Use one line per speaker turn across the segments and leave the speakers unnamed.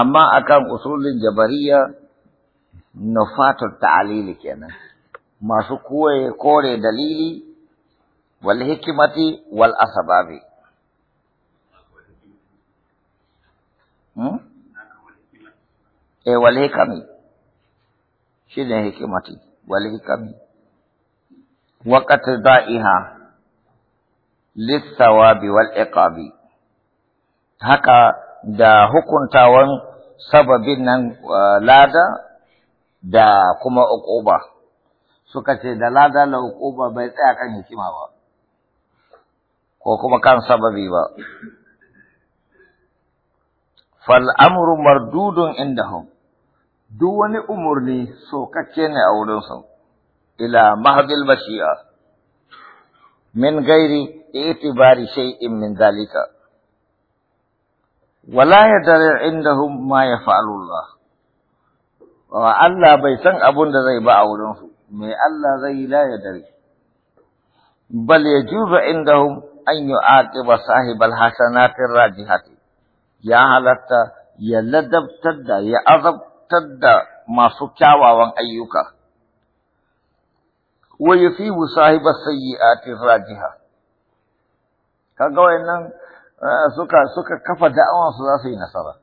اما اکم اصول جبریہ نفات التعلیل کینا ما سکوئے کوڑے دلیلی والحکمتی والاسبابی اے إيه، والحکمی شنہ حکمتی والحکمی وقت دائیہا للثواب والعقابی haka da hukuntawan sababin nan lada da kuma uquba suka ce da lada da uquba bai tsaya kan hikima ba ko kuma kan sababi ba fal amru mardudun indahum duk wani umurni sokakke ne a wurin wurinsu ila mahdil bashi'a min gairi itibari shay'in min zalika wala ya dare indahum ma ya Wa Allah bai san abun da zai ba a wurin su Me Allah zai la ya dare bal yajuzu indahum an yu'aqiba sahibal hasanatir rajihati ya halatta ya ladabtar da ya azabtar da masu kyawawan ayyuka wa yusibu sahibas sayyi'atir rajiha kaga wayannan Ah, suka suka kafa da'awansu za su yi nasara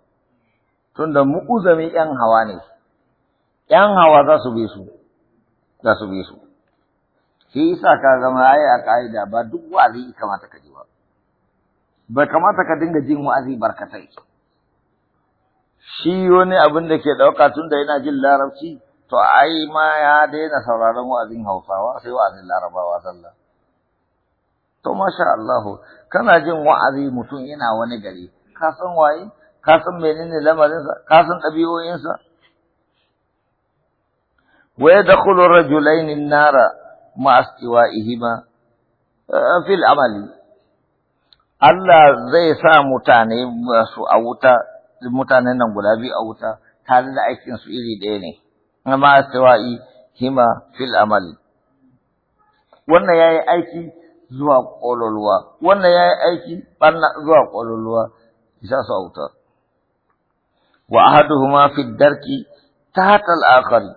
tunda mu'uzami yan hawa ne yan hawa za su bi su za su bi su shi isa ka zama ai a ka'ida ba duk wa'azi kamata ka ji ba bai kamata ka dinga jin wa'azi barkatai shi wani abin da ke ɗauka tunda yana jin larabci to ai ma ya daina sauraron wa'azin hausawa sai wa'azin larabawa sallah to masha Allah kana jin wa'azi mutum yana wani gari ka san waye ka san menene lamarinsa ka san ɗabi'o'insa wa yadkhulu rajulayn an-nara ma eh, fil amali Allah zai sa mutane su a wuta mutanen nan guda biyu a wuta tare da aikin su iri ɗaya ne ma hima fil amali wannan yayi aiki zuwa ƙololuwa wannan ya yi aiki ɓanna zuwa ƙololuwa isa su auta wa ahaduhuma fi darki tahta al-akhari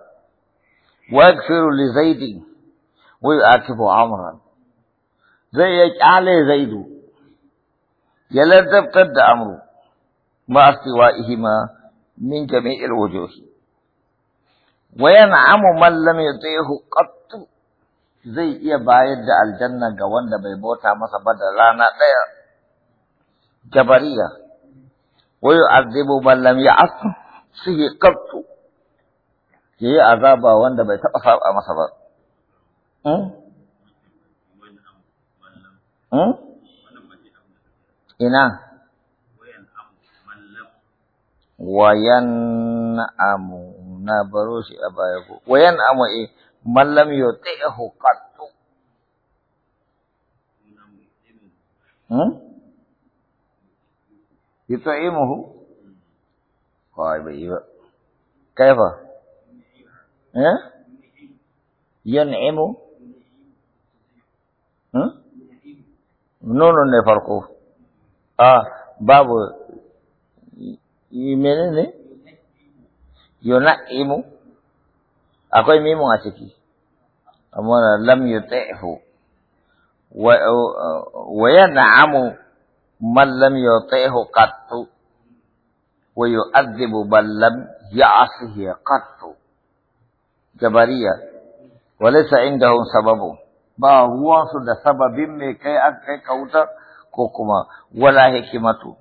wa yaghfiru li zaidi wa yu'aqibu amran zai ya kyale zaidu ya ladabtar da amru ma astiwa'ihima min jami'il wujuh wa yan'amu man lam yutihu qattu zai iya bayar da aljanna ga wanda bai bauta masa ba da rana ɗaya jabariya wa yu'adhibu man lam ya'as sihi qattu yi azaba wanda bai taɓa saba masa ba hmm? Hmm? ina wayan amu na baro shi a baya ko wayan amu eh man lam yuti'hu qattu hmm yut'imuhu kai bai ba kaifa eh akwai mimun a ciki amma lam yuti'hu wa uh, na'amu man lam yuti'hu qattu wa yu'adhibu man lam ya'sihi qattu jabariya walaysa indahum sababu ba ruwansu da sababin mai kai an kai kautar ko kuma wala hikimatu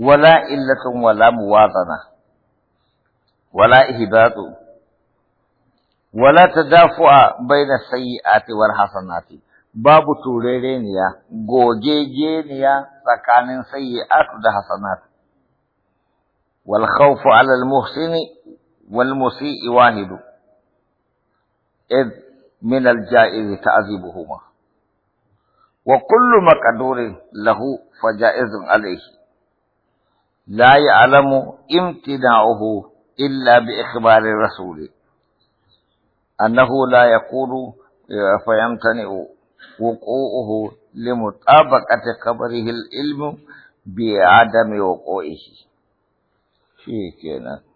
wala illatun wala muwazana wala ihbatu ولا تدافع بين السيئات والحسنات باب توريرينيا غوجيجينيا سكان سيئات والحسنات والخوف على المحسن والمسيء واحد إذ من الجائز تعذيبهما وكل مقدور له فجائز عليه لا يعلم امتناعه إلا بإخبار الرسول أنه لا يقول آه، فيمتنع وقوعه لمطابقة خبره العلم بعدم وقوعه شيء كده